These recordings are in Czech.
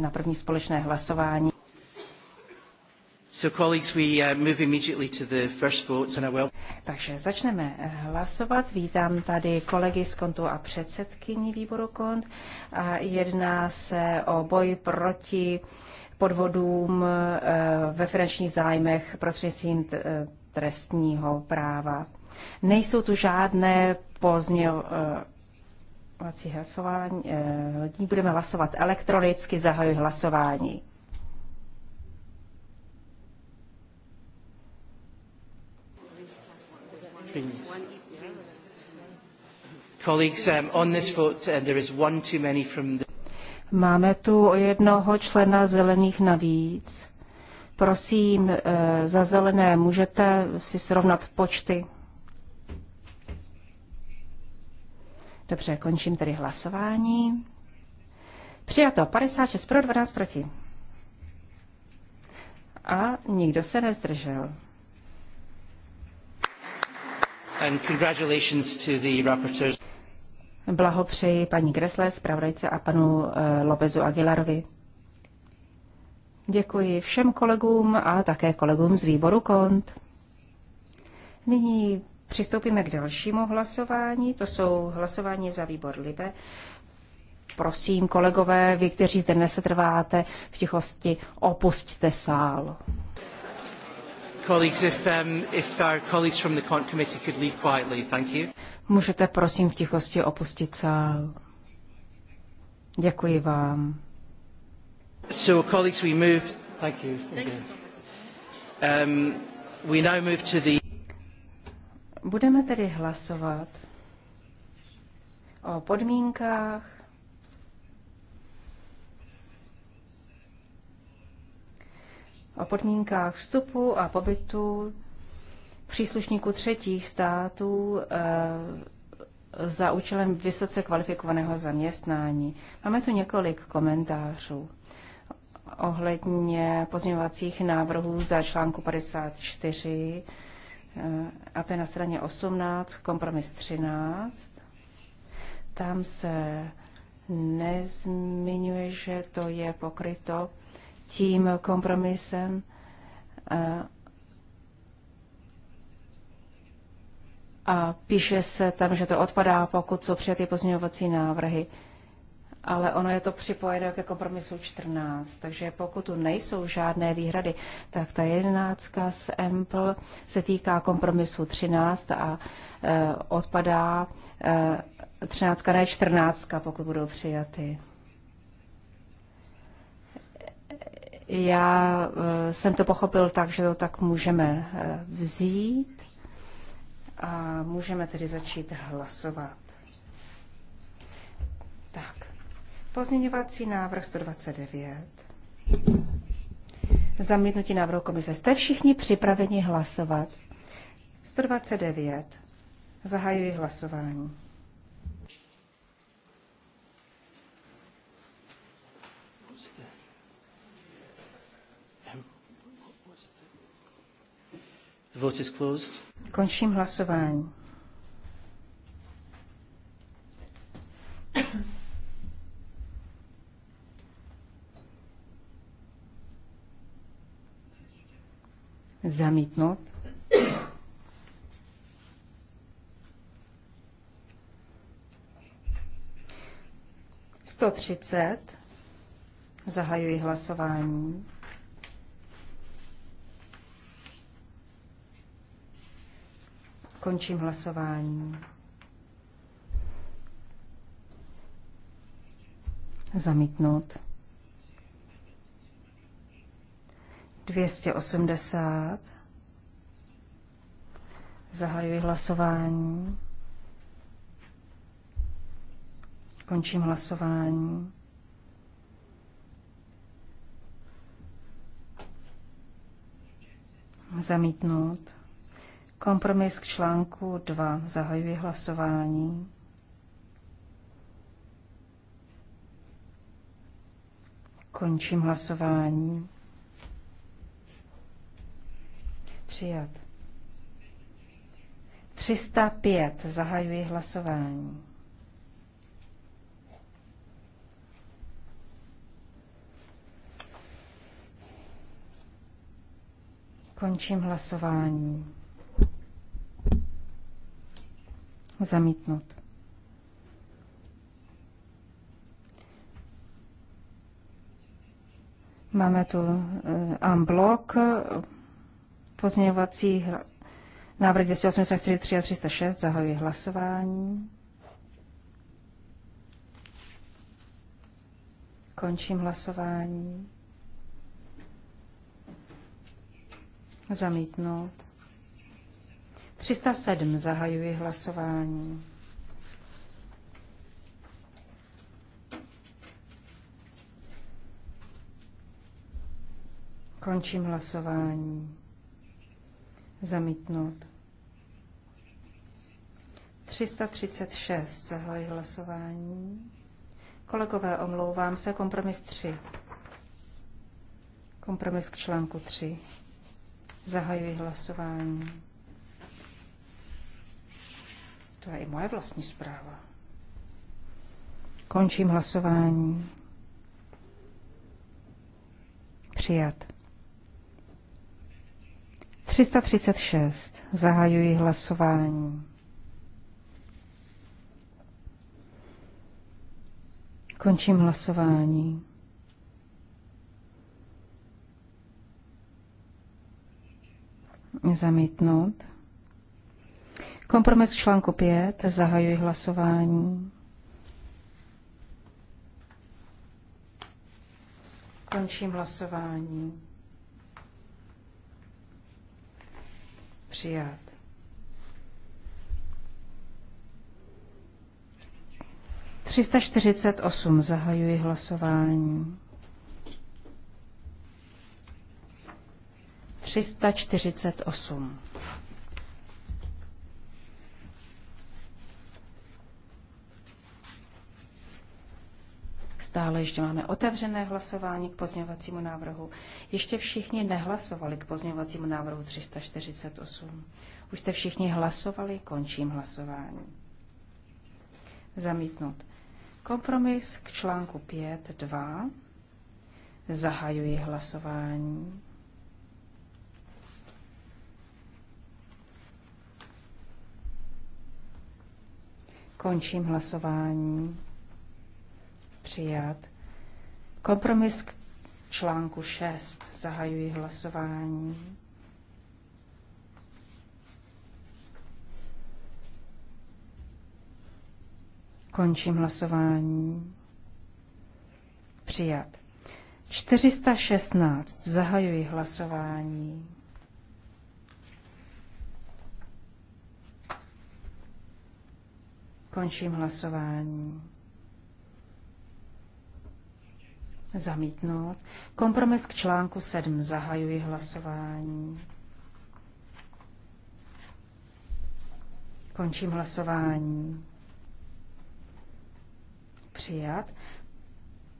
na první společné hlasování. So colleagues, we uh, move immediately to the first and I will... Takže začneme hlasovat. Vítám tady kolegy z kontu a předsedkyní výboru kont. A jedná se o boj proti podvodům eh, ve finančních zájmech prostřednictvím eh, trestního práva. Nejsou tu žádné pozměňovací eh, hlasování. Dní eh, budeme hlasovat elektronicky, zahajuji hlasování. Um, uh, Máme tu o jednoho člena zelených navíc. Prosím, eh, za zelené můžete si srovnat počty. Dobře, končím tedy hlasování. Přijato 56 pro 12 proti. A nikdo se nezdržel. And congratulations to the rapporteurs. Blahopřeji paní Gresle, zpravodajce a panu eh, Lobezu Aguilarovi. Děkuji všem kolegům a také kolegům z výboru KONT. Nyní Přistoupíme k dalšímu hlasování, to jsou hlasování za výbor Libe. Prosím, kolegové, vy, kteří zde nesetrváte v tichosti, opustte sál. Um, Můžete prosím v tichosti opustit sál. Děkuji vám. So, colleagues, we move. Thank you. Thank you. Um, we now move to the Budeme tedy hlasovat o podmínkách o podmínkách vstupu a pobytu příslušníků třetích států eh, za účelem vysoce kvalifikovaného zaměstnání. Máme tu několik komentářů ohledně pozměňovacích návrhů za článku 54 a to je na straně 18, kompromis 13. Tam se nezmiňuje, že to je pokryto tím kompromisem. A píše se tam, že to odpadá, pokud jsou přijaty pozměňovací návrhy ale ono je to připojeno ke kompromisu 14. Takže pokud tu nejsou žádné výhrady, tak ta jedenáctka z EMPL se týká kompromisu 13 a e, odpadá e, 13, ne 14, pokud budou přijaty. Já e, jsem to pochopil tak, že to tak můžeme e, vzít a můžeme tedy začít hlasovat. Pozměňovací návrh 129. Zamítnutí návrhu komise. Jste všichni připraveni hlasovat? 129. Zahajuji hlasování. Vote is closed. Končím hlasování. Zamítnout. Sto třicet. Zahajuji hlasování. Končím hlasování. Zamítnout. 280. Zahajuji hlasování. Končím hlasování. Zamítnout. Kompromis k článku 2. Zahajuji hlasování. Končím hlasování. Přijat. 305. Zahajuji hlasování. Končím hlasování. Zamítnut. Máme tu amblok. Eh, uh, Pozměňovací návrh 283 a 306 zahajuji hlasování. Končím hlasování. Zamítnout. 307 zahajuji hlasování. Končím hlasování. Zamítnout. 336. Zahajuji hlasování. Kolegové, omlouvám se. Kompromis 3. Kompromis k článku 3. Zahajuji hlasování. To je i moje vlastní zpráva. Končím hlasování. Přijat. 336. Zahajuji hlasování. Končím hlasování. Zamítnout. Kompromis článku 5. Zahajuji hlasování. Končím hlasování. Přijat. Třista čtyřicet osm. Zahajuji hlasování. Třista čtyřicet osm. Stále ještě máme otevřené hlasování k pozměňovacímu návrhu. Ještě všichni nehlasovali k pozměňovacímu návrhu 348. Už jste všichni hlasovali, končím hlasování. Zamítnut. Kompromis k článku 5.2. Zahajuji hlasování. Končím hlasování přijat. Kompromis k článku 6. Zahajuji hlasování. Končím hlasování. Přijat. 416. Zahajuji hlasování. Končím hlasování. Zamítnout. Kompromis k článku 7. Zahajuji hlasování. Končím hlasování. Přijat.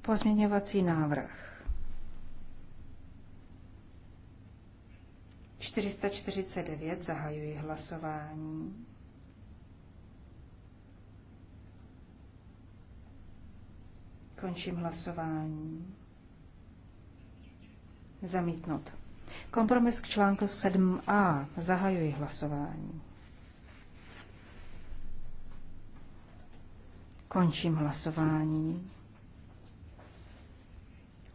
Pozměňovací návrh. 449. Zahajuji hlasování. Končím hlasování. Zamítnut. Kompromis k článku 7a. Zahajuji hlasování. Končím hlasování.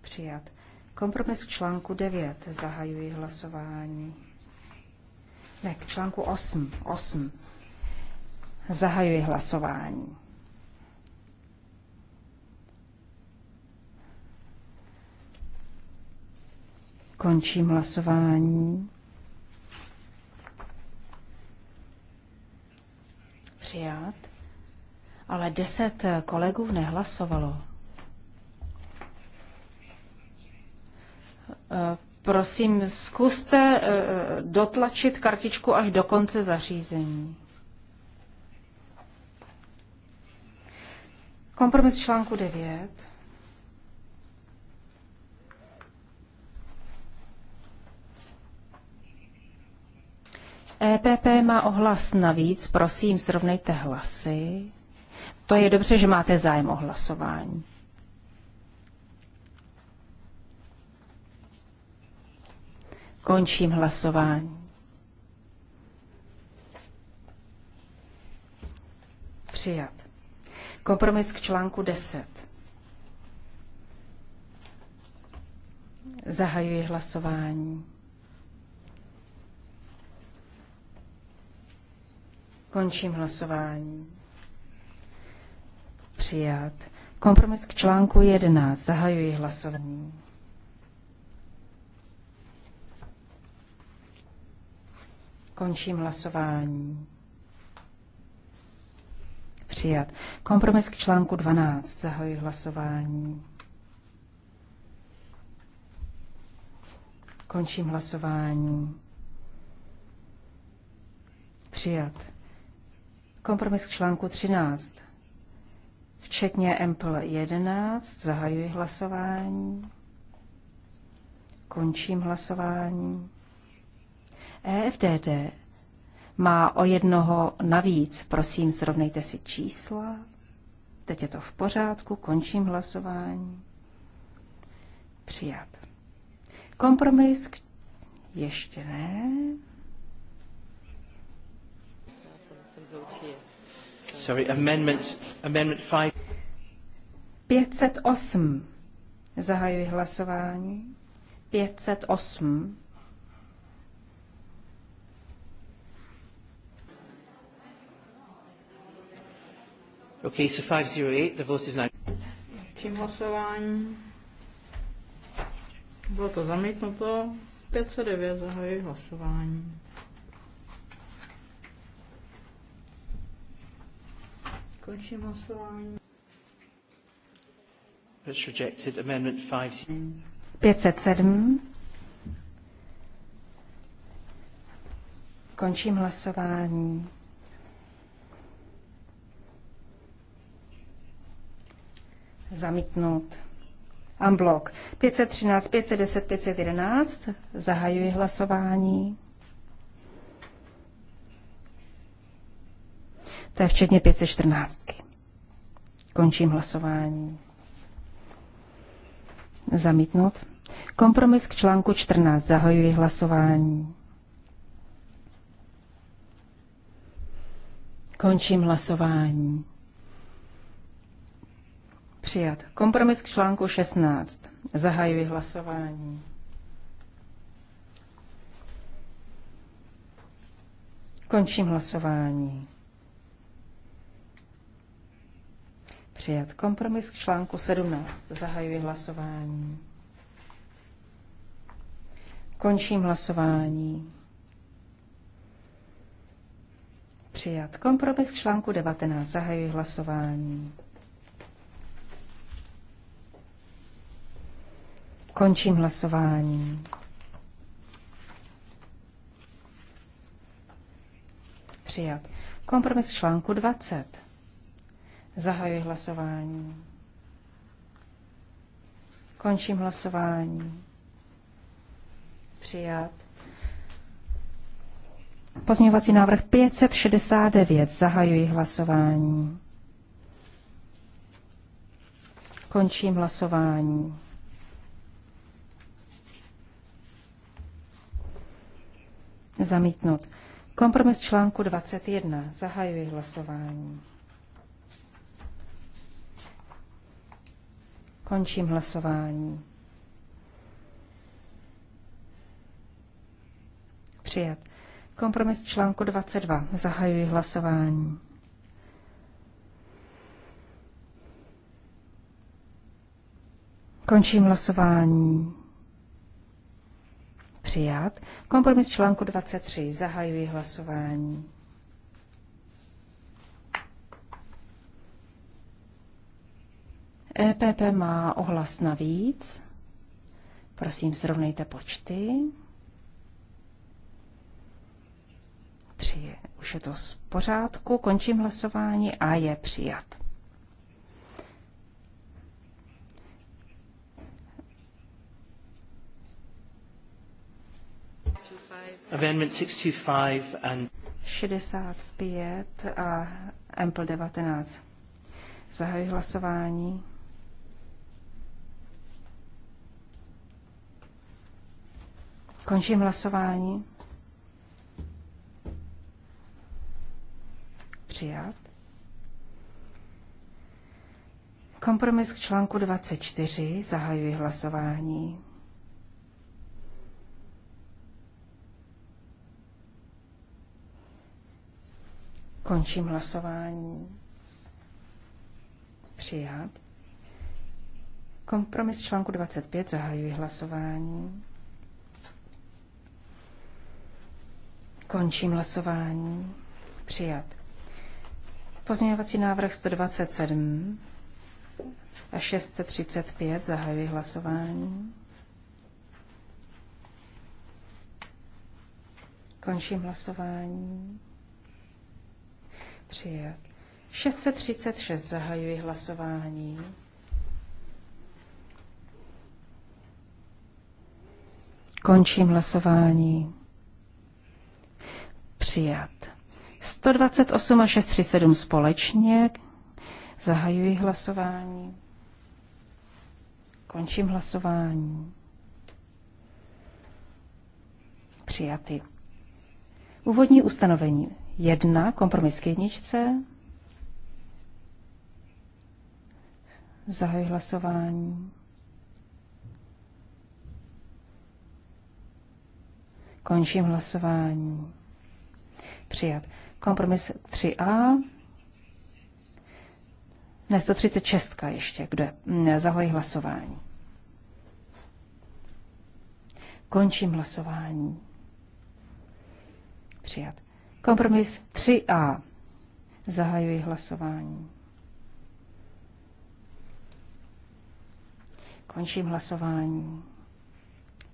Přijat. Kompromis k článku 9. Zahajuji hlasování. Ne, k článku 8. 8. Zahajuji hlasování. Končím hlasování. Přijat. Ale deset kolegů nehlasovalo. Eh, prosím, zkuste eh, dotlačit kartičku až do konce zařízení. Kompromis článku 9. EPP má ohlas navíc, prosím, srovnejte hlasy. To je dobře, že máte zájem o hlasování. Končím hlasování. Přijat. Kompromis k článku 10. Zahajuji hlasování. Končím hlasování. Přijat. Kompromis k článku 11. Zahajuji hlasování. Končím hlasování. Přijat. Kompromis k článku 12. Zahajuji hlasování. Končím hlasování. Přijat. Kompromis k článku 13. Včetně MPL 11. Zahajuji hlasování. Končím hlasování. EFDD má o jednoho navíc. Prosím, srovnejte si čísla. Teď je to v pořádku, končím hlasování. Přijat. Kompromis k... ještě ne. votes here. Sorry, amendments, amendment 5. 508. Zahajuji hlasování. 508. Okay, so 508, the vote is now. Čím hlasování? Bylo to zamítnuto. 509 zahajuji hlasování. Končím hlasování. 507. Končím hlasování. Zamítnout. Amblok. 513, 510, 511. Zahajuji hlasování. to je včetně 514. Končím hlasování. Zamítnout. Kompromis k článku 14. Zahajuji hlasování. Končím hlasování. Přijat. Kompromis k článku 16. Zahajuji hlasování. Končím hlasování. Přijat kompromis k článku 17. Zahajuji hlasování. Končím hlasování. Přijat kompromis k článku 19. Zahajuji hlasování. Končím hlasování. Přijat. Kompromis k článku 20. Zahajuji hlasování. Končím hlasování. Přijat. Pozměňovací návrh 569. Zahajuji hlasování. Končím hlasování. Zamítnut. Kompromis článku 21. Zahajuji hlasování. Končím hlasování. Přijat. Kompromis článku 22. Zahajuji hlasování. Končím hlasování. Přijat. Kompromis článku 23. Zahajuji hlasování. EPP má ohlas navíc. Prosím, srovnejte počty. Přije. Už je to z pořádku, končím hlasování a je přijat. Amendment 625 and 65 a Ample 19. Zahajuji hlasování. Končím hlasování. Přijat. Kompromis k článku 24. Zahajuji hlasování. Končím hlasování. Přijat. Kompromis článku 25. Zahajuji hlasování. Končím hlasování. Přijat. Pozměňovací návrh 127 a 635 zahajuji hlasování. Končím hlasování. Přijat. 636 zahajuji hlasování. Končím hlasování. Přijat. 128 a 637 společně. Zahajuji hlasování. Končím hlasování. Přijaty. Úvodní ustanovení Jedna kompromis k jedničce. Zahajuji hlasování. Končím hlasování. Přijat. Kompromis 3a. Ne, 136 ještě. kde je? hlasování. Končím hlasování. Přijat. Kompromis 3a. Zahajuji hlasování. Končím hlasování.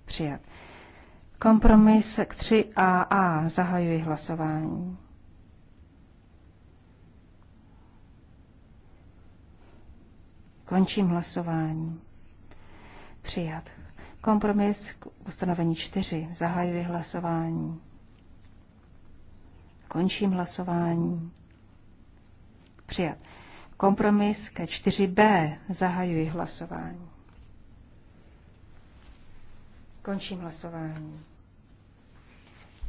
Přijat. Kompromis 3AA. Zahajuji hlasování. Končím hlasování. Přijat. Kompromis k ustanovení 4. Zahajuji hlasování. Končím hlasování. Přijat. Kompromis ke 4b. Zahajuji hlasování. Končím hlasování.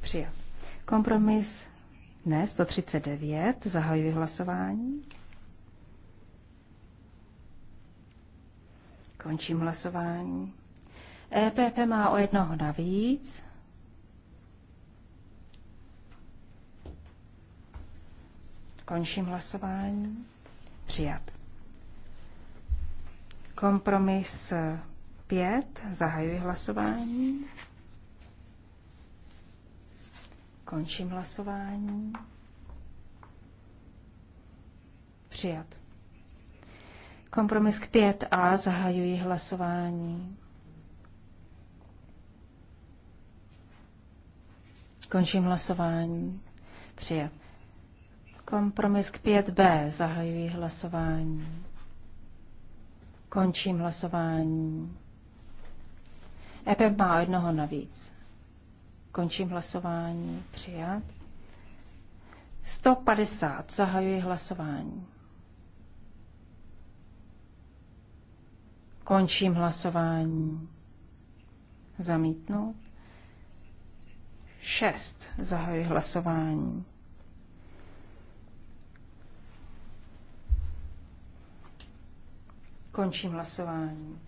Přijat. Kompromis ne, 139. Zahajuji hlasování. Končím hlasování. EPP má o jednoho navíc. Končím hlasování. Přijat. Kompromis 5. Zahajuji hlasování. Končím hlasování. Přijat. Kompromis k 5a zahajuji hlasování. Končím hlasování. Přijat. Kompromis k 5b zahajuji hlasování. Končím hlasování. EPEP má jednoho navíc. Končím hlasování. Přijat. 150. Zahajuji hlasování. Končím hlasování. Zamítnout. 6. Zahajuji hlasování. Končím hlasování.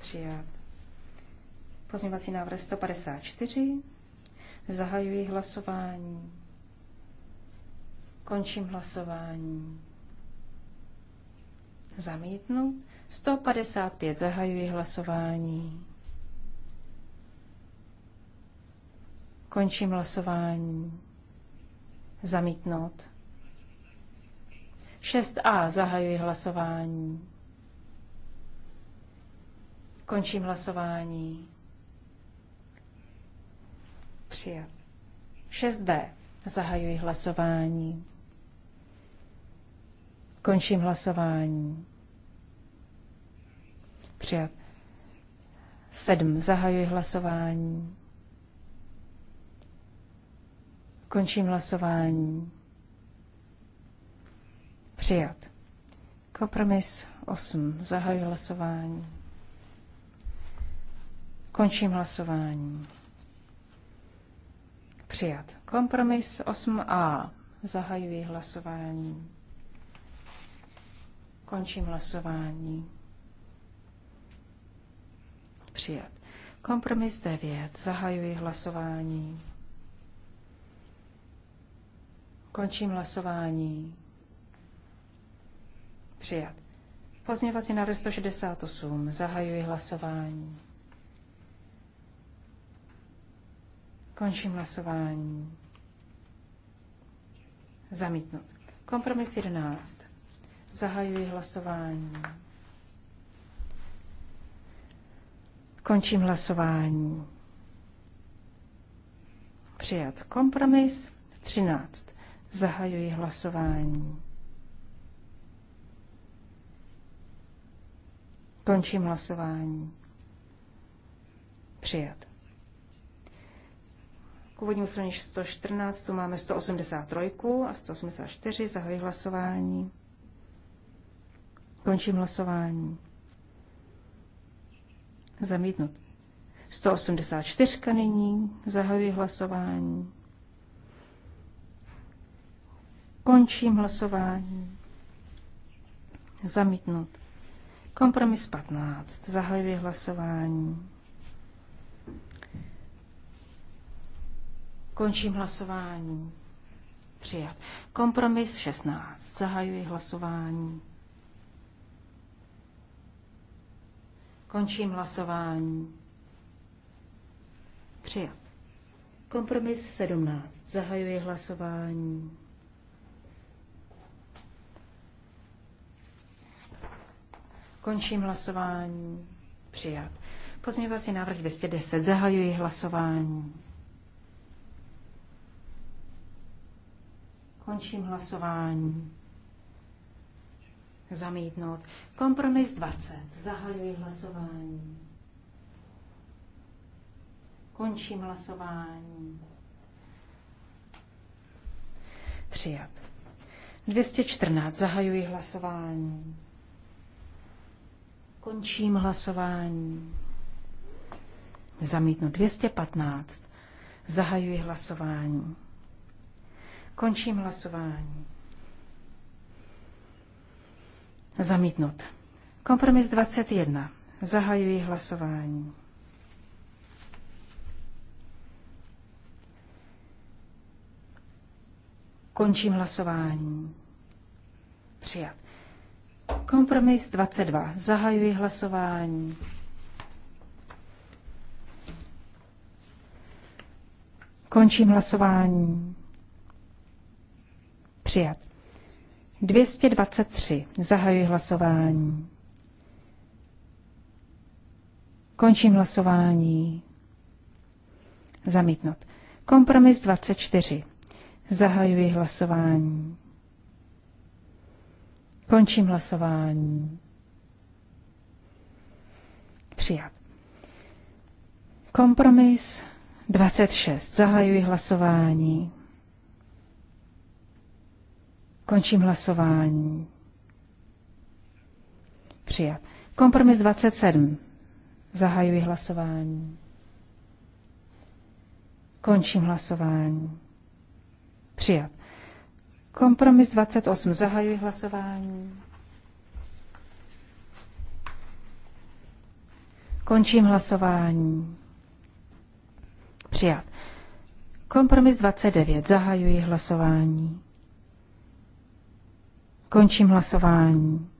Přijat. Pozměňovací návrh 154. Zahajuji hlasování. Končím hlasování. Zamítnu. 155. Zahajuji hlasování. Končím hlasování. Zamítnout. 6a. Zahajuji hlasování. Končím hlasování. Přijat. 6b. Zahajuji hlasování. Končím hlasování. Přijat. 7. Zahajuji hlasování. Končím hlasování. Přijat. Kompromis 8. Zahajuji hlasování. Končím hlasování. Přijat. Kompromis 8a. Zahajuji hlasování. Končím hlasování. Přijat. Kompromis 9. Zahajuji hlasování. Končím hlasování. Přijat. Pozněvací návrh 168. Zahajuji hlasování. Končím hlasování. Zamítnut. Kompromis 11. Zahajuji hlasování. Končím hlasování. Přijat kompromis 13. Zahajuji hlasování. Končím hlasování. Přijat. K úvodnímu straně 114 tu máme 183 a 184. Zahoji hlasování. Končím hlasování. Zamítnut. 184 nyní. Zahajuji hlasování. Končím hlasování. Zamítnut. Kompromis 15. Zahajuji hlasování. Končím hlasování. Přijat. Kompromis 16. Zahajuji hlasování. Končím hlasování. Přijat. Kompromis 17. Zahajuji hlasování. Končím hlasování. Přijat. Pozměňovací návrh 210. Zahajuji hlasování. Končím hlasování. Zamítnout. Kompromis 20. Zahajuji hlasování. Končím hlasování. Přijat. 214. Zahajuji hlasování. Končím hlasování. Zamítnu 215. Zahajuji hlasování. Končím hlasování. Zamítnut. Kompromis 21. Zahajuji hlasování. Končím hlasování. Přijat. Kompromis 22. Zahajuji hlasování. Končím hlasování. Přijat. 223. Zahajuji hlasování. Končím hlasování. Zamítnout. Kompromis 24. Zahajuji hlasování. Končím hlasování. Přijat. Kompromis 26. Zahajuji hlasování. Končím hlasování. Přijat. Kompromis 27. Zahajuji hlasování. Končím hlasování. Přijat. Kompromis 28. Zahajuji hlasování. Končím hlasování. Přijat. Kompromis 29. Zahajuji hlasování. Končím hlasování.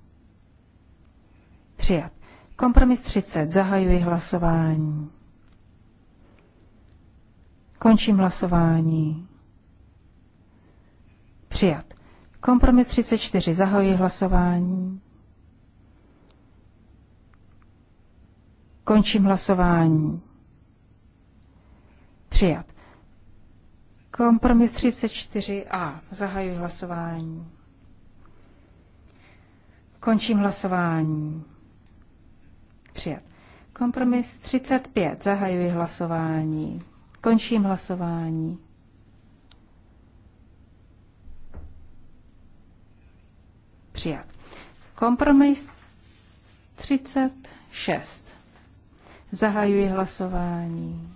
Přijat. Kompromis 30. Zahajuji hlasování. Končím hlasování. Přijat. Kompromis 34. Zahajuji hlasování. Končím hlasování. Přijat. Kompromis 34a. Zahajuji hlasování. Končím hlasování. Přijat. Kompromis 35. Zahajuji hlasování. Končím hlasování. Přijat. Kompromis 36. Zahajuji hlasování.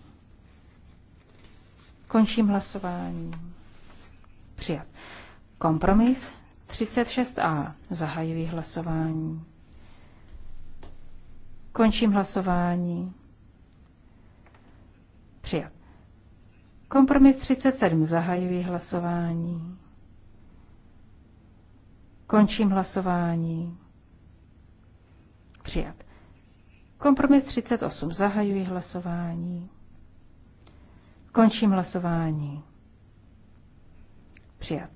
Končím hlasování. Přijat. Kompromis 36a. Zahajuji hlasování. Končím hlasování. Přijat. Kompromis 37. Zahajuji hlasování. Končím hlasování. Přijat. Kompromis 38. Zahajuji hlasování. Končím hlasování. Přijat.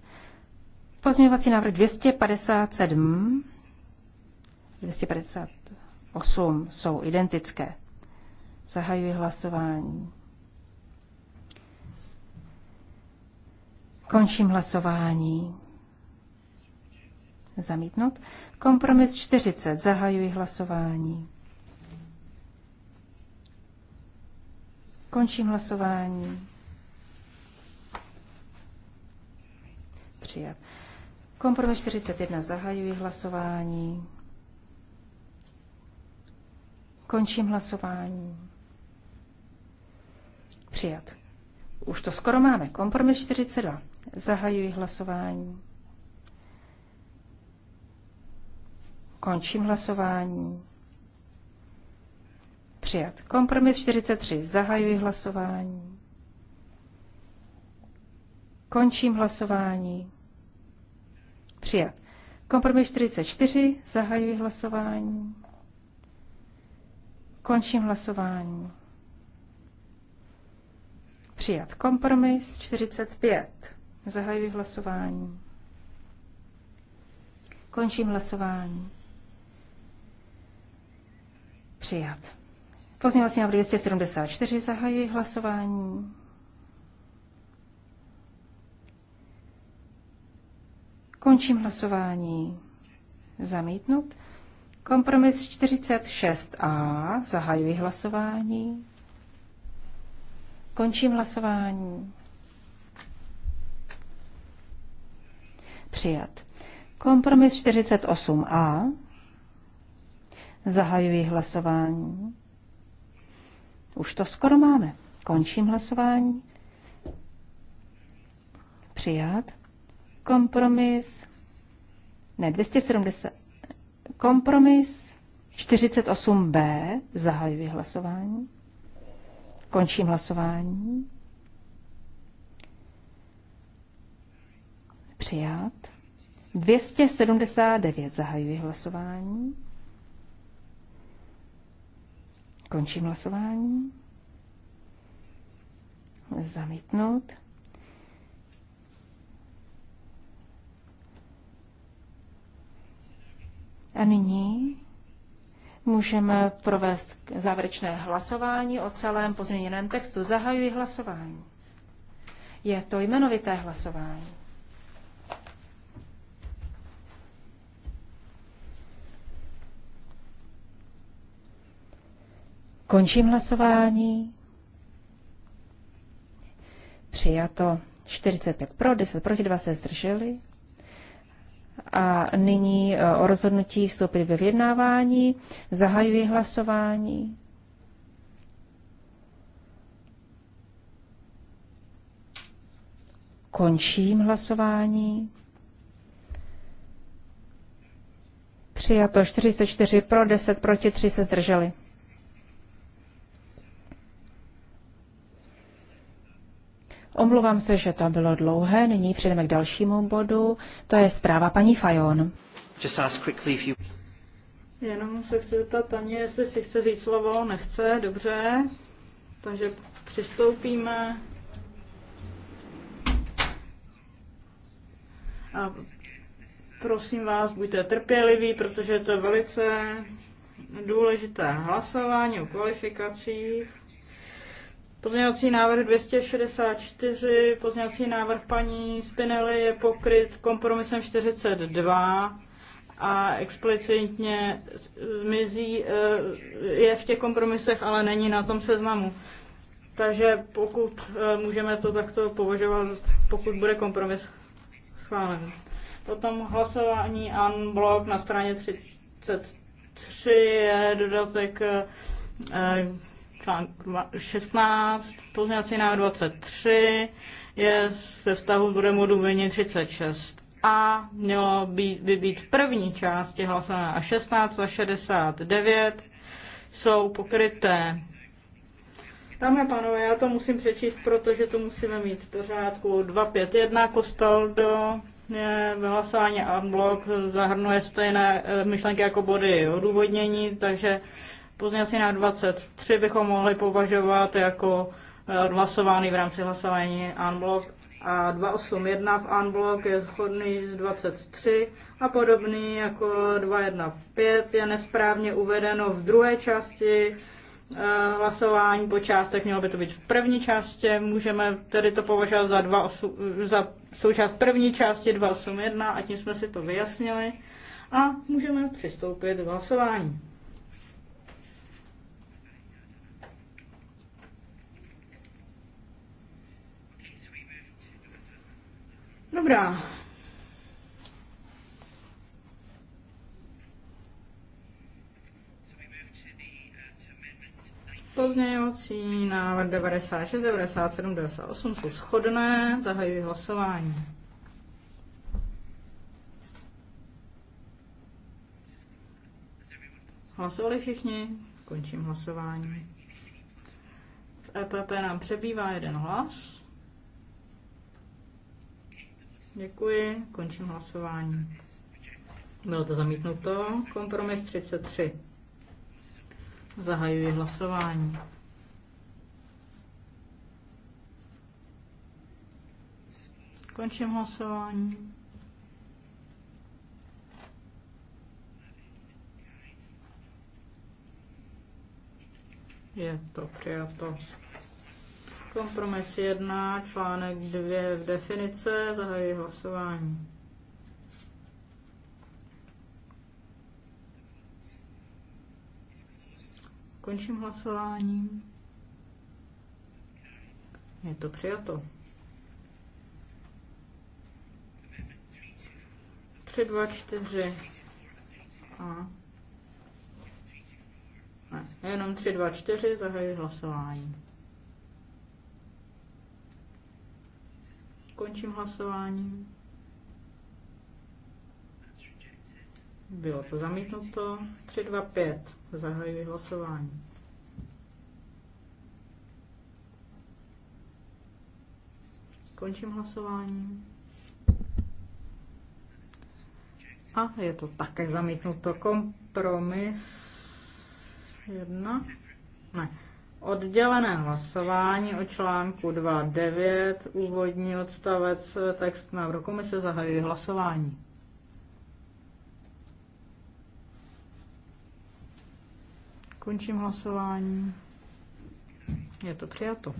Pozměňovací návrh 257, 258 jsou identické. Zahajuji hlasování. Končím hlasování. Zamítnout. Kompromis 40. Zahajuji hlasování. Končím hlasování. Přijat. Kompromis 41. Zahajuji hlasování. Končím hlasování. Přijat. Už to skoro máme. Kompromis 42. Zahajuji hlasování. Končím hlasování. Přijat. Kompromis 43. Zahajuji hlasování. Končím hlasování. Přijat. Kompromis 44. Zahajuji hlasování. Končím hlasování. Přijat. Kompromis 45. Zahajuji hlasování. Končím hlasování. Přijat. Pozměňovací návrh 274. Zahajuji hlasování. Končím hlasování. Zamítnut. Kompromis 46a. Zahajuji hlasování. Končím hlasování. Přijat. Kompromis 48a. Zahajuji hlasování. Už to skoro máme. Končím hlasování. Přijat. Kompromis, ne, 270. Kompromis 48b, zahajuji hlasování. Končím hlasování. Přijat. 279 zahajuji hlasování. Končím hlasování. Zamítnout. nyní můžeme provést závěrečné hlasování o celém pozměněném textu. Zahajuji hlasování. Je to jmenovité hlasování. Končím hlasování. Přijato 45 pro, 10 proti, 2 se zdrželi. A nyní e, o rozhodnutí vstoupit ve vyjednávání. Zahajuji hlasování. Končím hlasování. Přijato 44 pro, 10 proti, 3 se zdrželi. Omluvám se, že to bylo dlouhé. Nyní přejdeme k dalšímu bodu. To je zpráva paní Fajon. Jenom se chci zeptat Tani, jestli si chce říct slovo, nechce, dobře. Takže přistoupíme. A prosím vás, buďte trpěliví, protože je to velice důležité hlasování o kvalifikacích. Pozměňovací návrh 264, pozměňovací návrh paní Spinelli je pokryt kompromisem 42 a explicitně zmizí eh, je v těch kompromisech, ale není na tom seznamu. Takže pokud eh, můžeme to takto považovat, pokud bude kompromis schválen. Potom hlasování unblock na straně 33 je dodatek eh, článek 16, pozměňovací návrh 23 je se vztahu k modu 36 a mělo by, by být v první části hlasované a 16 a 69 jsou pokryté. Dámy a pánové, já to musím přečíst, protože to musíme mít v pořádku. 251 kostel do vyhlasování blok zahrnuje stejné eh, myšlenky jako body odůvodnění, takže Pozměňovací na 23 bychom mohli považovat jako eh, odhlasovány v rámci hlasování unblock a 281 v unblock je shodný z 23 a podobný jako 215 je nesprávně uvedeno v druhé části eh, hlasování po částech, mělo by to být v první části, můžeme tedy to považovat za, 2, 8, za součást první části 281 a tím jsme si to vyjasnili a můžeme přistoupit k hlasování. Dobrá. Pozměňovací návrh 96, 97, 98 jsou shodné. Zahajuji hlasování. Hlasovali všichni? Končím hlasování. V EPP nám přebývá jeden hlas. Děkuji, končím hlasování. Bylo to zamítnuto. Kompromis 33. Zahajuji hlasování. Končím hlasování. Je to přijato. Kompromis 1, článek 2 v definice, zahajuji hlasování. Končím hlasování. Je to přijato. 3, 2, 4 a ne, jenom 3, 2, 4 zahajuji hlasování. Končím hlasování. Bylo to zamítnuto. 5. Zahajuji hlasování. Končím hlasování. A je to také zamítnuto. Kompromis jedna. Ne oddělené hlasování o článku 2.9, úvodní odstavec, text návrhu komise, zahajuji hlasování. Končím hlasování. Je to přijato.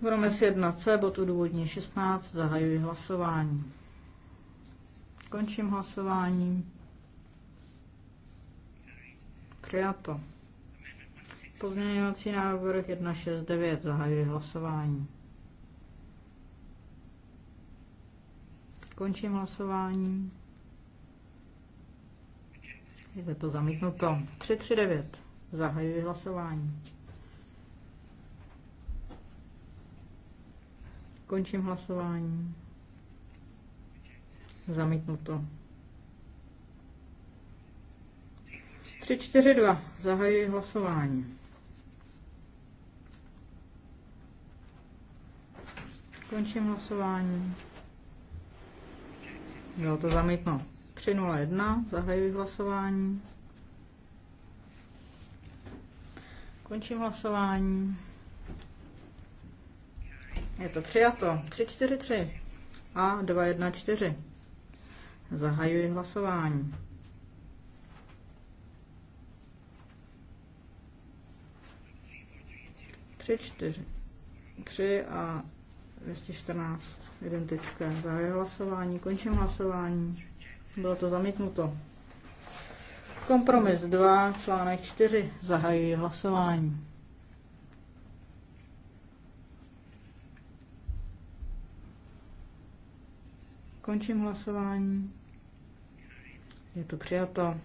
Bromec 1C, bod odůvodní 16, zahajuji hlasování. Končím hlasování. Přijato. Pozměňovací návrh 169. zahajuje hlasování. Končím hlasování. Je to zamítnuto. 339. zahajuje hlasování. Končím hlasování. Zamítnuto. 342. zahajuje hlasování. Končím hlasování. Bylo to zamítno. 3.01. Zahajuji hlasování. Končím hlasování. Je to přijato. 343 a 214. Zahajuji hlasování. Tři, čtyři. Tři a 214 identické. Zahajuji hlasování, končím hlasování. Bylo to zamítnuto. Kompromis 2, článek 4. Zahajuji hlasování. Končím hlasování. Je to přijato.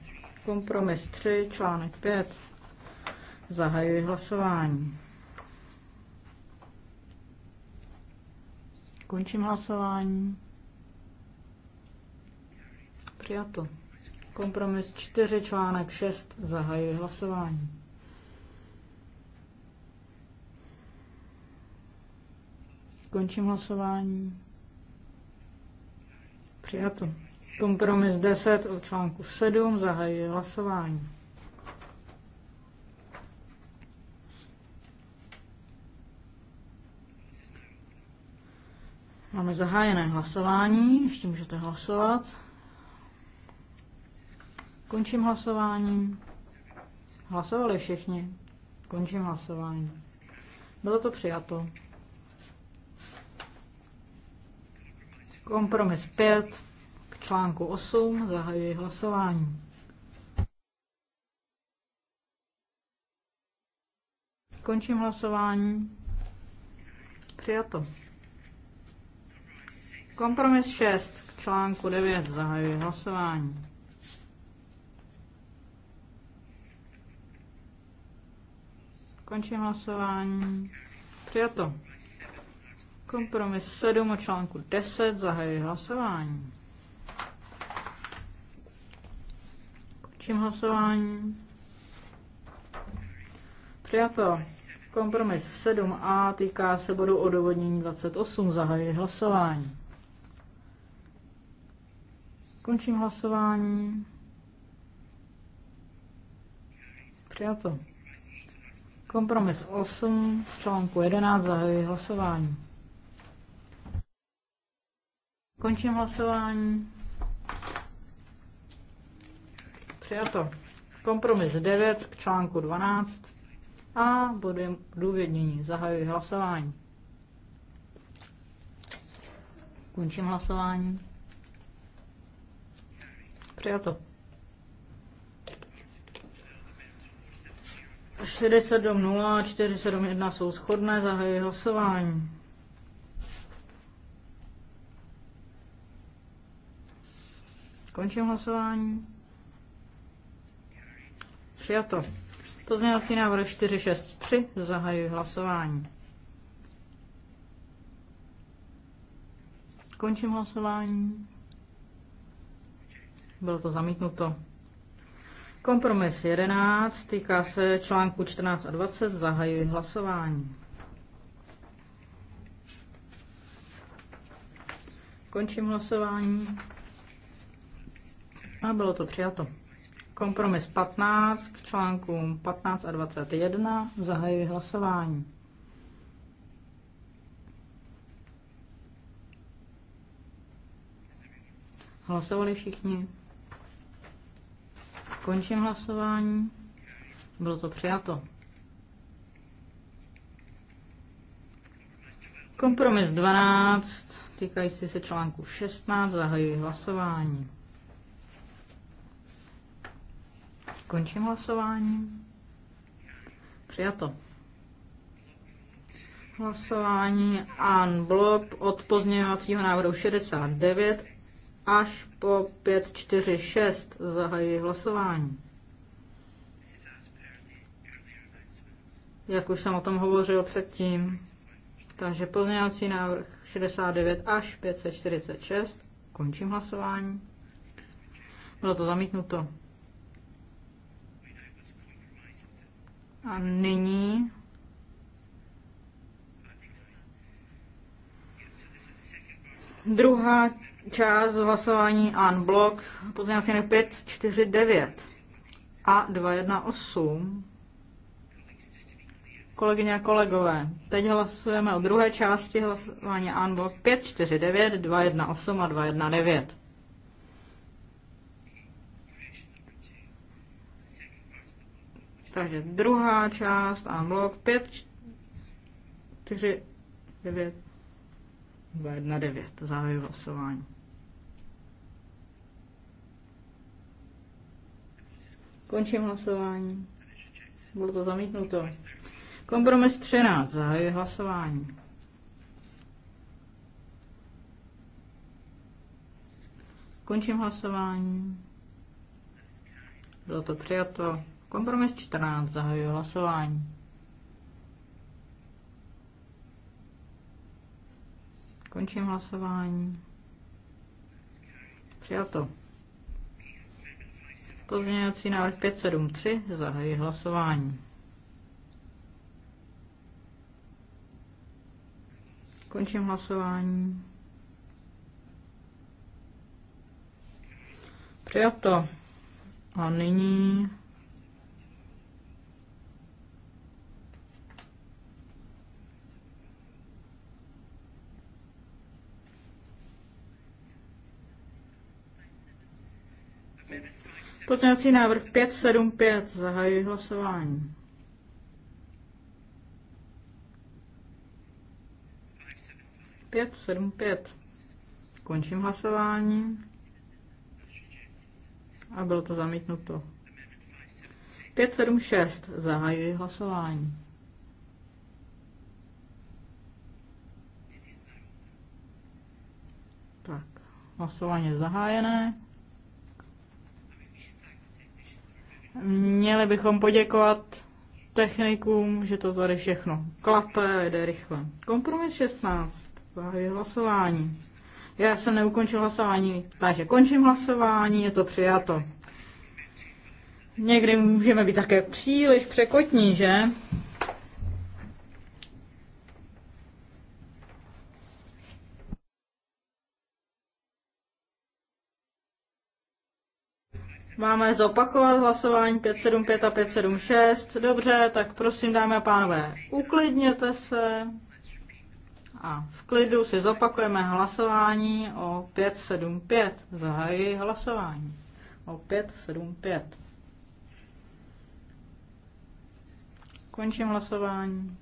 Kompromis 3, článek 5. Zahajuji hlasování. Končím hlasování. Přijato. Kompromis 4, článek 6. Zahajuji hlasování. Končím hlasování. Přijato. Kompromis 10 o článku 7. Zahajuji hlasování. Máme zahájené hlasování, ještě můžete hlasovat. Končím hlasování. Hlasovali všichni. Končím hlasování. Bylo to přijato. Kompromis 5 k článku 8 zahajuji hlasování. Končím hlasování. Přijato. Kompromis 6 k článku 9 zahajuje hlasování. Končím hlasování. Přijato. Kompromis 7 o článku 10 zahajuje hlasování. Končím hlasování. Přijato. Kompromis 7a týká se bodu odůvodnění 28. Zahajuji hlasování. Končím hlasování. Přijato. Kompromis 8 článku 11 zahajuji hlasování. Končím hlasování. Přijato. Kompromis 9 k článku 12 a bodem důvědnění. Zahajuji hlasování. Končím hlasování. Přijato. 470 a 471 jsou shodné, zahajuji hlasování. Končím hlasování. Přijato. Pozměňovací návrh 463, zahajuji hlasování. Končím hlasování. Bylo to zamítnuto. Kompromis 11 týká se článku 14 a 20. Zahajuji hlasování. Končím hlasování. A bylo to přijato. Kompromis 15 k článkům 15 a 21. Zahajuji hlasování. Hlasovali všichni? Končím hlasování. Bylo to přijato. Kompromis 12, týkající se článku 16, zahajuji hlasování. Končím hlasování. Přijato. Hlasování unblock od pozměňovacího návrhu 69 až po 546 zahají hlasování. Jak už jsem o tom hovořil předtím, takže pozměňovací návrh 69 až 546. Končím hlasování. Bylo to zamítnuto. A nyní druhá část hlasování unblock, pozměňovací 549 a 218. Kolegyně a kolegové, teď hlasujeme o druhé části hlasování unblock 549, 218 a 219. Takže druhá část unblock 5, 4, 9, 2, 1, 9. Zahajuji hlasování. Končím hlasování. Bylo to zamítnuto. Kompromis 13. Zahajuji hlasování. Končím hlasování. Bylo to přijato. Kompromis 14. Zahajuji hlasování. Končím hlasování. Přijato. Pozměňovací návrh 573. zahají hlasování. Končím hlasování. Přijato. A nyní Pozměňovací návrh 575. Zahajuji hlasování. Pět, sedm, pět. Končím hlasování. A bylo to zamítnuto. sedm šest Zahajuji hlasování. Tak, hlasování je zahájené. Měli bychom poděkovat technikům, že to tady všechno klape, jde rychle. Kompromis 16, zahajuji hlasování. Já jsem neukončil hlasování, takže končím hlasování, je to přijato. Někdy můžeme být také příliš překotní, že? Máme zopakovat hlasování 575 a 576. Dobře, tak prosím, dámy a pánové, uklidněte se a v klidu si zopakujeme hlasování o 575. Zahajuji hlasování o 575. Končím hlasování.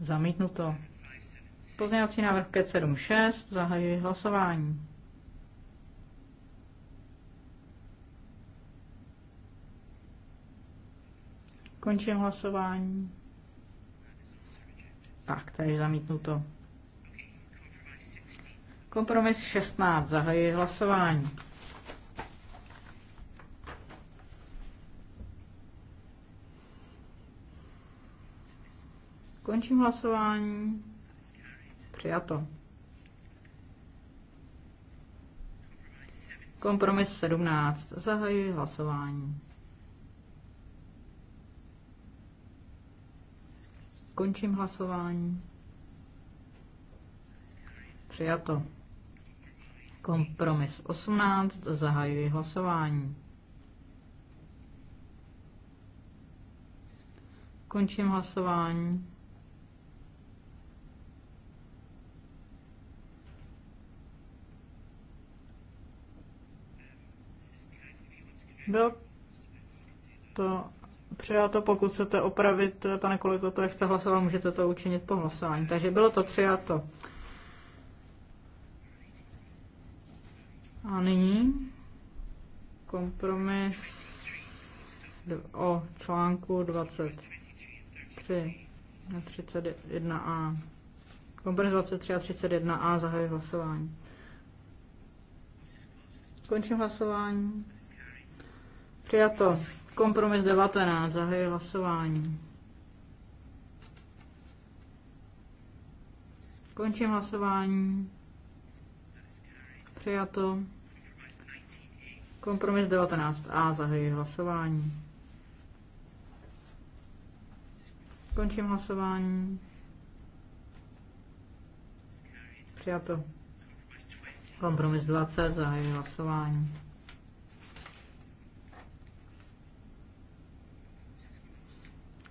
Zamítnuto. Pozměňovací návrh 576. Zahajuji hlasování. Končím hlasování. Tak, takže zamítnu to. Kompromis 16. Zahajuji hlasování. Končím hlasování. Přijato. Kompromis 17. Zahajuji hlasování. Končím hlasování. Přijato. Kompromis 18. Zahajuji hlasování. Končím hlasování. Byl to Přijato, pokud chcete opravit, pane kolego, to, jak jste hlasoval, můžete to učinit po hlasování. Takže bylo to přijato. A nyní kompromis o článku 23 na 31a. Kompromis 23 a 31a zahajuje hlasování. Končím hlasování. Přijato. Kompromis 19. Zahajuji hlasování. Končím hlasování. Přijato. Kompromis 19a. Zahajuji hlasování. Končím hlasování. Přijato. Kompromis 20. Zahajuji hlasování.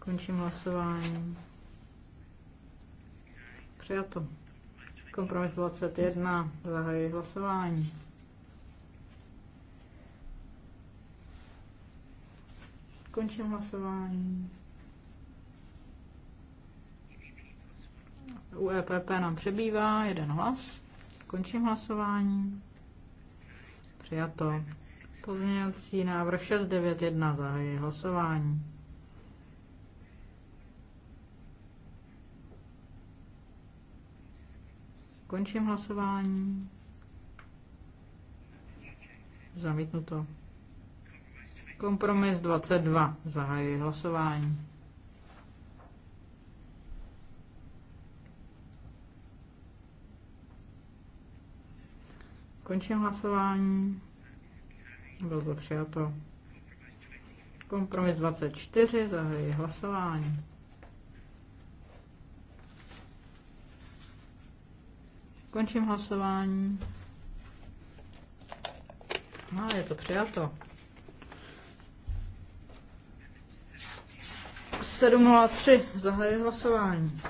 Končím hlasování. Přijato. Kompromis 21. Zahajuji hlasování. Končím hlasování. U EPP nám přebývá jeden hlas. Končím hlasování. Přijato. Pozměňovací návrh 691 zahajuji hlasování. Končím hlasování. Zamítnuto. Kompromis 22. Zahajuji hlasování. Končím hlasování. Bylo to přijato. Kompromis 24. Zahajuji hlasování. Končím hlasování. No, je to přijato. 7.03. Zahajuji hlasování.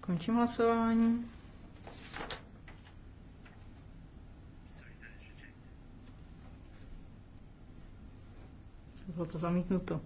Končím hlasování. Bylo to zamítnuto.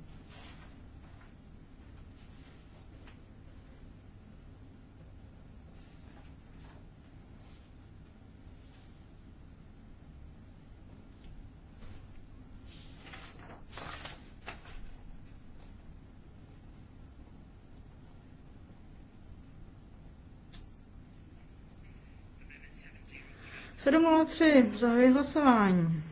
Sedm tři, zahajuji hlasování.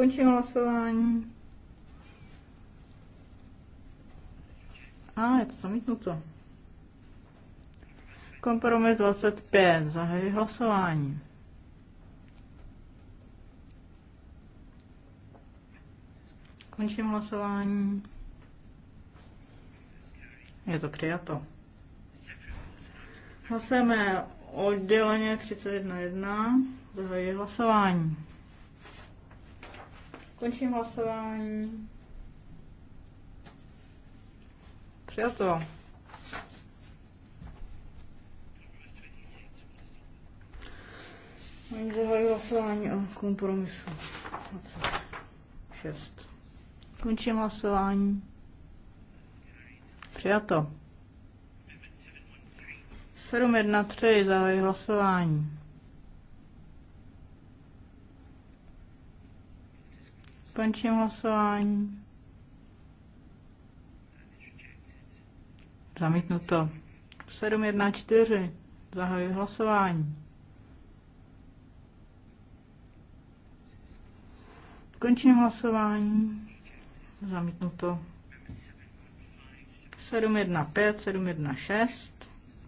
Končím hlasování. A je to zamítnuto. Kompromis 25. Zahajuji hlasování. Končím hlasování. Je to přijato. Hlasujeme odděleně 31.1. Zahajuji hlasování. Končím hlasování. Přijato. Oni zahají hlasování o kompromisu. 26. Končím hlasování. Přijato. 7.1.3. Zahají hlasování. Končím hlasování. Zamítnuto. 714. Zahajuji hlasování. Končím hlasování. Zamítnuto. 715, 716.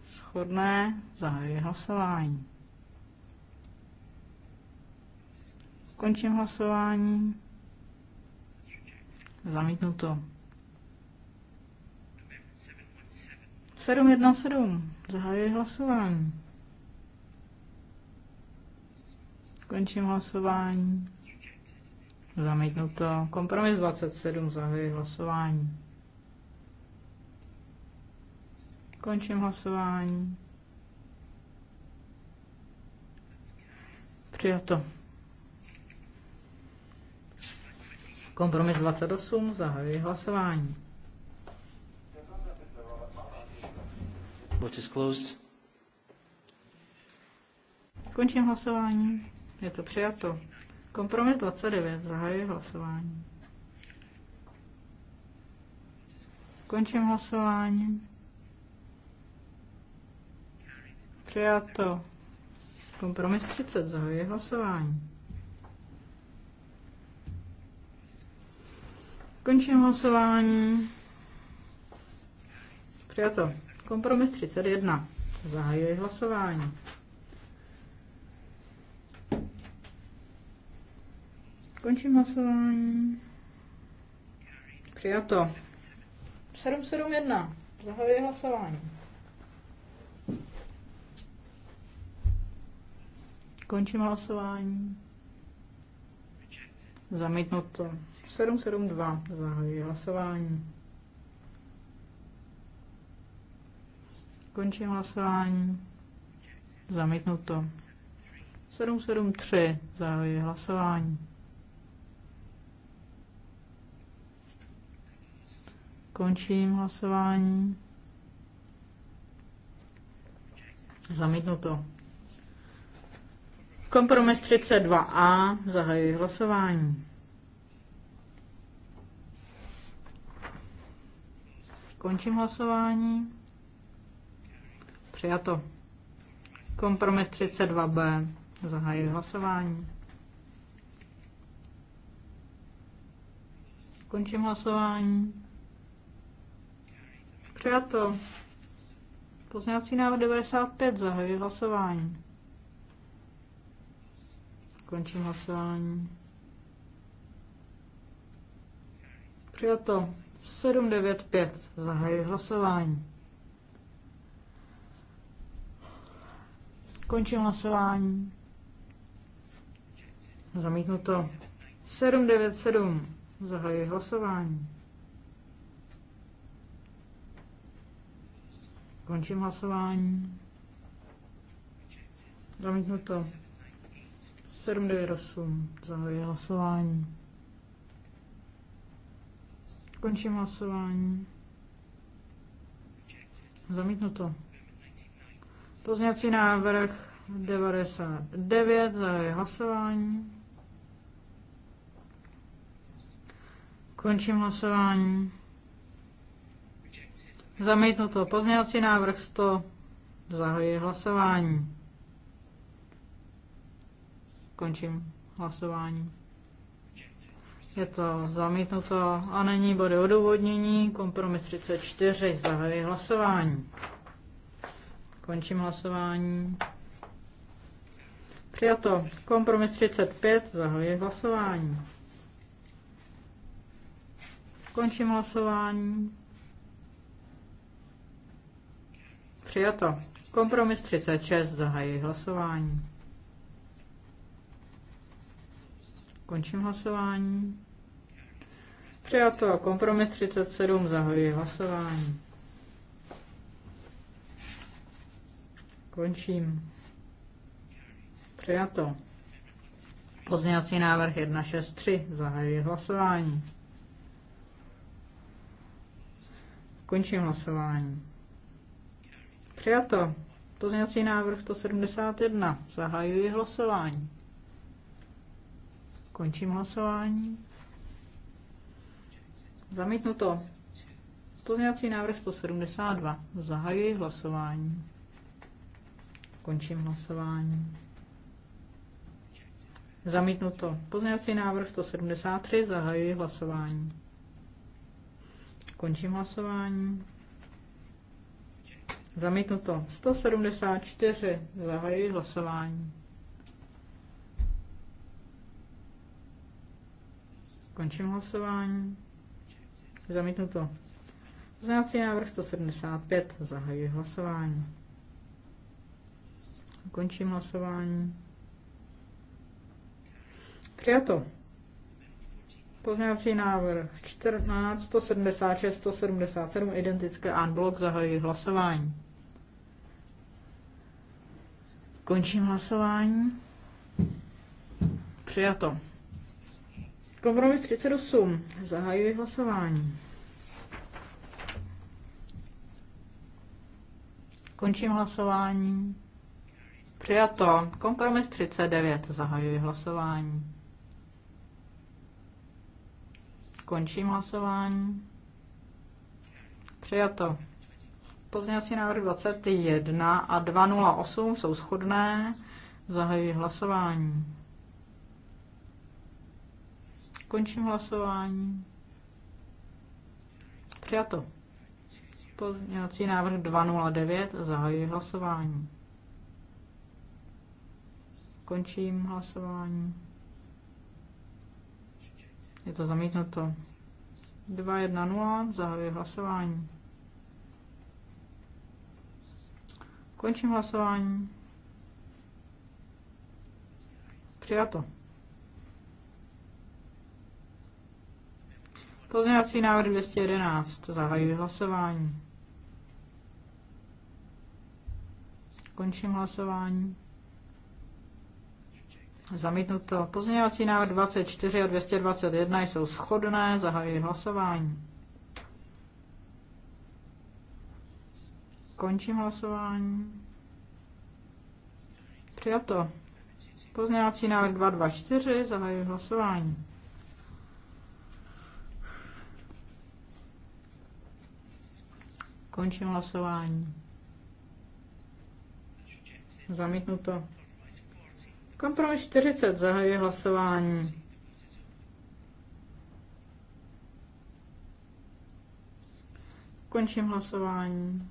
Schodné. Zahajuji hlasování. Končím hlasování. Zamítnuto. 717. Zahajuji hlasování. Končím hlasování. Zamítnuto. Kompromis 27. Zahajuji hlasování. Končím hlasování. Přijato. Kompromis 28, zahajuji hlasování. Which is closed. Končím hlasování. Je to přijato. Kompromis 29, zahajuji hlasování. Končím hlasování. Přijato. Kompromis 30, zahajuji hlasování. Končím hlasování. Přijato. Kompromis 31. Zahajuji hlasování. Končím hlasování. Přijato. 771. Zahajuji hlasování. Končím hlasování. Zamítnuto. 772. Zahajuji hlasování. Končím hlasování. Zamítnuto. 773. Zahajuji hlasování. Končím hlasování. Zamítnuto. Kompromis 32a. Zahajuji hlasování. Končím hlasování. Přijato. Kompromis 32b. Zahájit hlasování. Končím hlasování. Přijato. Pozněvací návrh 95. Zahajuji hlasování. Končím hlasování. Přijato. 795. Zahajuji hlasování. Končím hlasování. Zamítnuto. 797. Zahajuji hlasování. Končím hlasování. Zamítnuto. 798. Zahajuji hlasování. Končím hlasování. Zamítnuto. Pozměňovací návrh 99, zahajuji hlasování. Končím hlasování. Zamítnuto. Pozměňovací návrh 100, zahajuji hlasování. Končím hlasování. Je to zamítnuto a není body odůvodnění. Kompromis 34. Zahajuji hlasování. Končím hlasování. Přijato. Kompromis 35. Zahajuji hlasování. Končím hlasování. Přijato. Kompromis 36. Zahajuji hlasování. Končím hlasování. Přijato kompromis 37, zahajuji hlasování. Končím. Přijato. Pozněvací návrh 163, zahajuji hlasování. Končím hlasování. Přijato. Pozněvací návrh 171, zahajuji hlasování. Končím hlasování. Zamítnuto. Pozměňovací návrh 172. Zahajuji hlasování. Končím hlasování. Zamítnuto. Pozměňovací návrh 173. Zahajuji hlasování. Končím hlasování. Zamítnuto. 174. Zahajuji hlasování. Končím hlasování. Zamítnuto. Pozměňovací návrh 175. Zahajuji hlasování. Končím hlasování. Přijato. Pozměňovací návrh 14, 176, 177, identické unblock, zahajuji hlasování. Končím hlasování. Přijato. Kompromis 38. Zahajuji hlasování. Končím hlasování. Přijato. Kompromis 39. Zahajuji hlasování. Končím hlasování. Přijato. Pozměňovací návrh 21 a 208 jsou shodné. Zahajuji hlasování. Končím hlasování. Přijato. Pozměňovací návrh 209. Zahajuji hlasování. Končím hlasování. Je to zamítnuto. 210. Zahajuji hlasování. Končím hlasování. Přijato. Pozměňovací návrh 211. Zahajuji hlasování. Končím hlasování. Zamítnuto. Pozměňovací návrh 24 a 221 jsou shodné. Zahajuji hlasování. Končím hlasování. Přijato. Pozměňovací návrh 224. Zahajuji hlasování. Končím hlasování. Zamítnuto. Kompromis 40 zahajuje hlasování. Končím hlasování.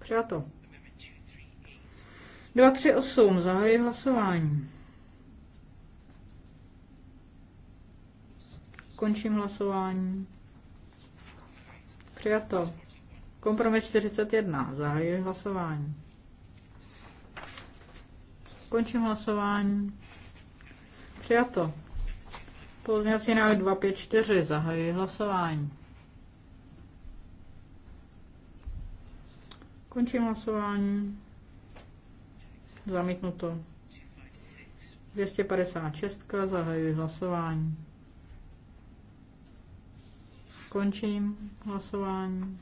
Přijato. 238 zahajuji hlasování. Končím hlasování přijato. Kompromis 41. Zahajuji hlasování. Končím hlasování. Přijato. Pozměňovací návrh 254. Zahajuji hlasování. Končím hlasování. Zamítnuto. 256. Zahajuji hlasování. Končím hlasování.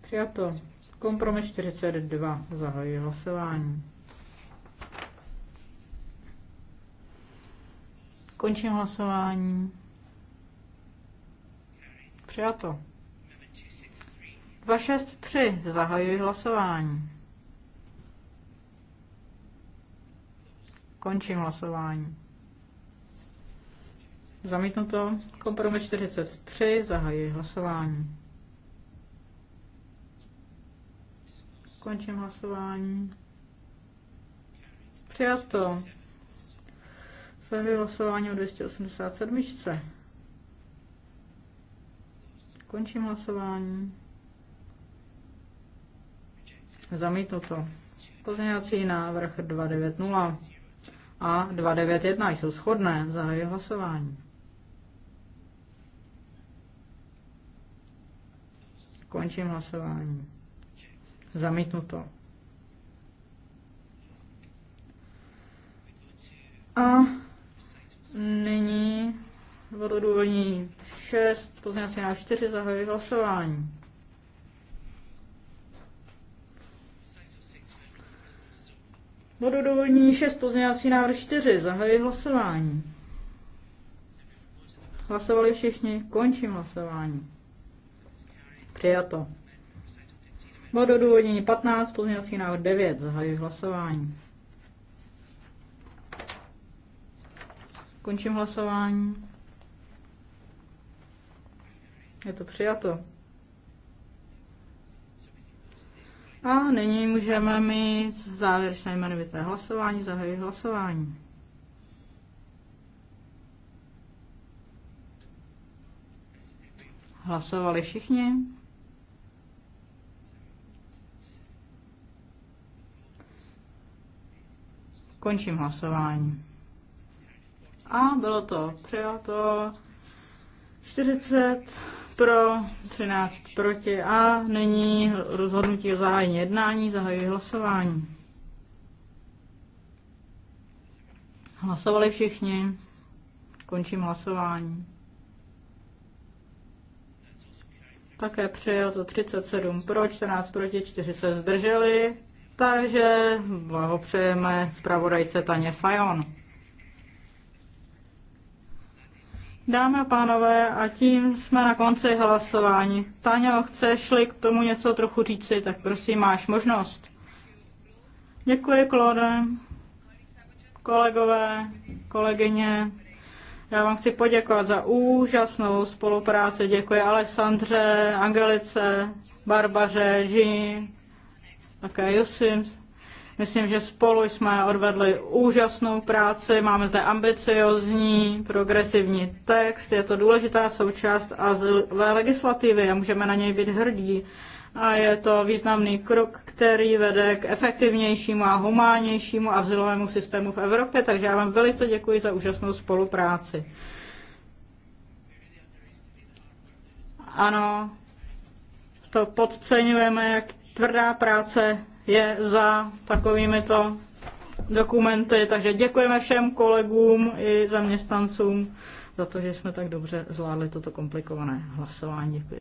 Přijato. Kompromis 42. Zahajuji hlasování. Končím hlasování. Přijato. 263. Zahajuji hlasování. Končím hlasování. Zamítnuto. Kompromis 43. Zahajuji hlasování. Končím hlasování. Přijato. Zahajuji hlasování o 287. Končím hlasování. Zamítnuto. Pozměňovací návrh 290 a 291 jsou shodné. Zahajuji hlasování. Končím hlasování. Zamítnuto. A nyní bod odůvodnění 6, pozměňovací na 4, zahajuji hlasování. Vododovodní 6, pozměňovací návrh 4, zahajuji hlasování. Hlasovali všichni, končím hlasování přijato. Bod odůvodnění 15, pozměňovací návrh 9, zahajuji hlasování. Končím hlasování. Je to přijato. A nyní můžeme mít závěrečné jmenovité hlasování, zahajuji hlasování. Hlasovali všichni? Končím hlasování. A bylo to přijato 40 pro, 13 proti a nyní rozhodnutí o zahájení jednání, zahajuji hlasování. Hlasovali všichni. Končím hlasování. Také přijel to 37 pro, 14 proti, 4 se zdrželi. Takže blahopřejeme zpravodajce Taně Fajon. Dámy a pánové, a tím jsme na konci hlasování. Táňo, chceš-li k tomu něco trochu říci, tak prosím, máš možnost. Děkuji, Klode, kolegové, kolegyně. Já vám chci poděkovat za úžasnou spolupráci. Děkuji Alexandře, Angelice, Barbaře, Jean, také Jusims. Myslím, že spolu jsme odvedli úžasnou práci, máme zde ambiciozní, progresivní text, je to důležitá součást azylové legislativy a můžeme na něj být hrdí. A je to významný krok, který vede k efektivnějšímu a humánnějšímu azylovému systému v Evropě, takže já vám velice děkuji za úžasnou spolupráci. Ano, to podceňujeme, jak tvrdá práce je za takovými to dokumenty, takže děkujeme všem kolegům i zaměstnancům za to, že jsme tak dobře zvládli toto komplikované hlasování. Děkuji.